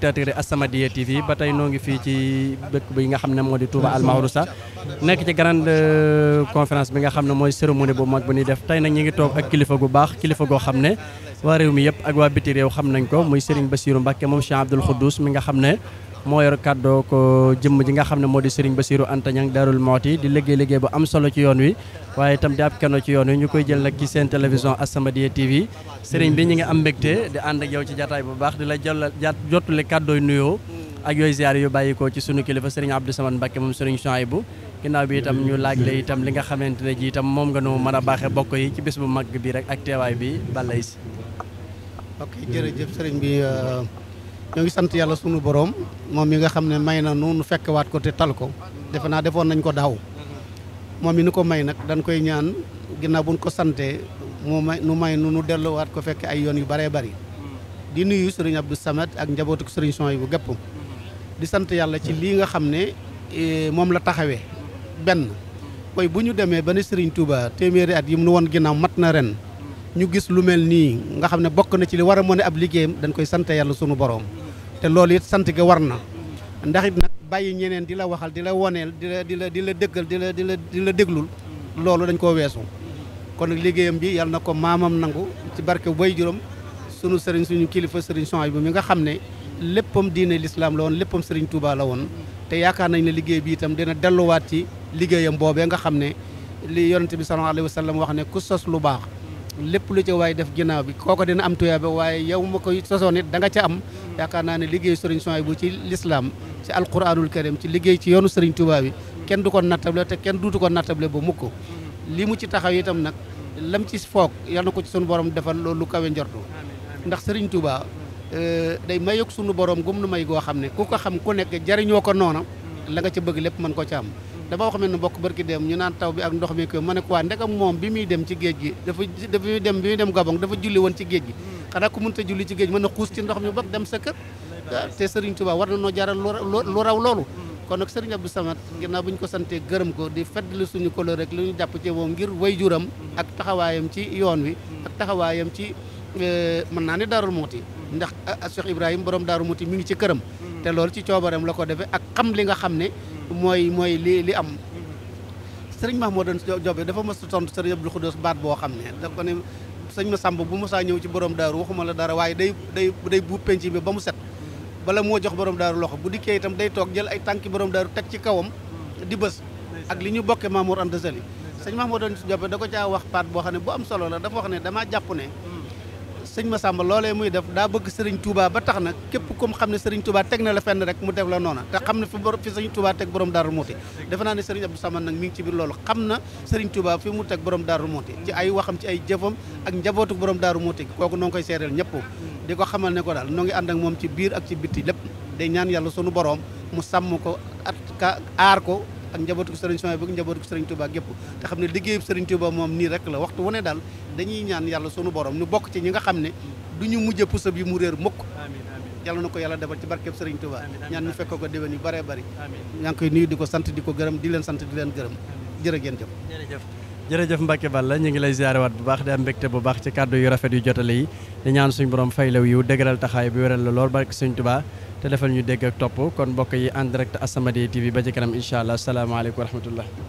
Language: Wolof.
téléspectateurs yi sama samadiyya TV ba tey noo ngi fii ci dëkk bi nga xam ne moo di Touba al sax nekk ci grande euh, conférence bi nga xam ne mooy cérémonie bu mag bu ñuy def tey nag ñu ngi toog ak kilifa gu baax kilifa goo xam ne waa réew mi yëpp ak waa biti réew xam nañ ko muy Serigne Bassirou Mbacké moom Cheikh Abdoul Khoudous mi nga xam ne moo yor kàddoo ko jëmm ji nga xam ne moo di Serigne Bassirou Anta Niang Darou Mouhty di liggéey liggéey bu am solo ci yoon wi waaye itam di ab keno ci yoon wi ñu koy jël nag ci seen télévision As-Samadiyya TV Serigne bi ñu ngi am mbégte di ànd ak yow ci jataay bu baax di la jot jottule kàddooy nuyoo ak yooyu ziar yu bàyyikoo ci sunu kilifa Serigne Abdou Samane Mbacké moom Serigne Chouaïbou ginnaaw bi itam ñu laaj la itam li nga xamante ne ji itam moom nga nu mën a baaxee bokk yi ci bés bu bi rek ak teewaay bi balay si ok jërëjëf ñoo ngi sant yàlla sunu boroom moom yi nga xam ne may na nu fekk waat ko te tal ko defe naa defoon nañ ko daaw moom mi nu ko may nag dañ koy ñaan ginnaaw buñ ko sante mu nu may nu nu delluwaat ko fekk ay yoon yu bëree bëri di nuyu sëriñ Abdou samat ak njabootu sëriñ son yi bu gépp di sant yàlla ci lii nga xam ne e, moom la taxawee benn mooy bu ñu demee ba ne sëriñ Touba téeméeri at yi mu nu woon ginnaaw mat na ren ñu gis lu mel nii nga xam ne bokk na ci li war a mën a ab dañ koy sant yàlla sunu borom te loolu it sant ga war na ndax it nag bàyyi ñeneen di la waxal di la woneel di la di la di la dëggal di la di la di la déglul loolu dañ koo weesu kon nag liggéeyam bi yàlla na ko maamam nangu ci barke bay juróom sunu sëriñ suñu kilifa sëriñ Suhaybu bu mi nga xam ne léppam diine lislaam la woon léppam sëriñ Touba la woon te yaakaar nañ ne liggéey bi itam dina delluwaat ci liggéeyam boobee nga xam ne li yonente bi sallallahu alayhi wa sallam wax ne ku sos lu baax lépp lu ci waay def ginnaaw bi kooko dina am tuyaaba waaye yow ma koy sosoon it da nga ca am yaakaar naa ne liggéey sëriñ Souhaïbou bu ci lislaam ci alquranul karim ci liggéey ci yoonu sëriñ Tuubaa bi kenn du ko nattable te kenn duutu ko nattable ba mukk lii mu ci taxaw itam nag lam ci foog yal na ko ci sunu borom defal loolu lu kawe njortu ndax sëriñ Tuubaa euh, day mayog sunu borom gum nu may goo xam ne ku ko xam ku nekk jariñoo ko noona la nga ca bëgg lépp mën ko ca am dafa wax mel ni bokk barki dem ñu naan taw bi ak ndox mi ko ma ne ko waa ndegam moom bi muy dem ci géej gi dafa dafa muy dem bi muy dem Gabon dafa julli woon ci géej gi xanaa ku mënta julli ci géej mën a xuus ci mi ba dem sa kër te Serigne Touba war na noo jaral lu raw loolu kon nag Serigne Abdou Samad ginnaaw bu ñu ko santee gërëm ko di feddali suñu kolo rek lu ñu jàpp ci moom ngir wayjuram ak taxawaayam ci yoon wi ak taxawaayam ci eh, mën naa ne daarul Mouhty ndax a ah, Cheikh Ibrahima borom Darou muuti mi ngi ci këram te loolu ci coobaram la ko defee ak xam li nga xam ne mooy mooy li li am sëriñ Mahmoudane Jobe dafa mos a tontu sëriñ Abdou Khoudous baat boo xam ne da ko ne sëñ ma sàmb bu mosaa ñëw ci borom daaru waxuma la dara waaye day day day buub bi ba mu set bala moo jox borom daaru loxo bu dikkee itam day toog jël ay tànki borom daaru teg ci kawam di bës ak li ñu bokke Mamour Anta ma sëñ doon Jobe da ko caa wax baat boo xam ne bu am solo la dafa wax ne damaa jàpp ne sëñ Massamba loole muy def daa bëgg sëriñ Touba ba tax na képp comme xam ne sëriñ Touba teg na la fenn rek mu def la noona te xam ne fi fi sëriñ Touba teg borom Darou Mouhty defe naa ne sëriñ Abdou Samane nag mi ngi ci biir loolu xam na sëriñ fi mu teg borom Darou Mouhty ci ay waxam ci ay jëfam ak njabootu borom Darou Mouhty kooku noo ngi koy seereel ñëpp di ko xamal ne ko daal noo ngi ànd ak moom ci biir ak ci bitti lépp day ñaan yàlla sunu boroom mu sàmm ko at aar ko ak njabootu ko sëriñ Souhaïbou ak njabootu ko sëriñ Touba gépp te xam ne liggéeyu sëriñ Touba moom nii rek la waxtu wu ne daal dañuy ñaan yàlla sunu borom ñu bokk ci ñi nga xam ne du ñu mujj pusab yi mu réer mukk yàlla ko yàlla defal ci barkeb sëriñ Touba ñaan ñu fekk ko déwén yu bëree bëri ñaa koy nuyu di ko sant di ko gërëm di leen sant di leen gërëm jërëjëf Mbacke Balla ñu ngi lay ziarewaat bu baax di am mbégte bu baax ci kàddu yu rafet yu jotale te defal ñu dégg ak topp kon mbokk yi en direct As-Samadiyya TV ba ci kanam incha allah salaamaaleykum wa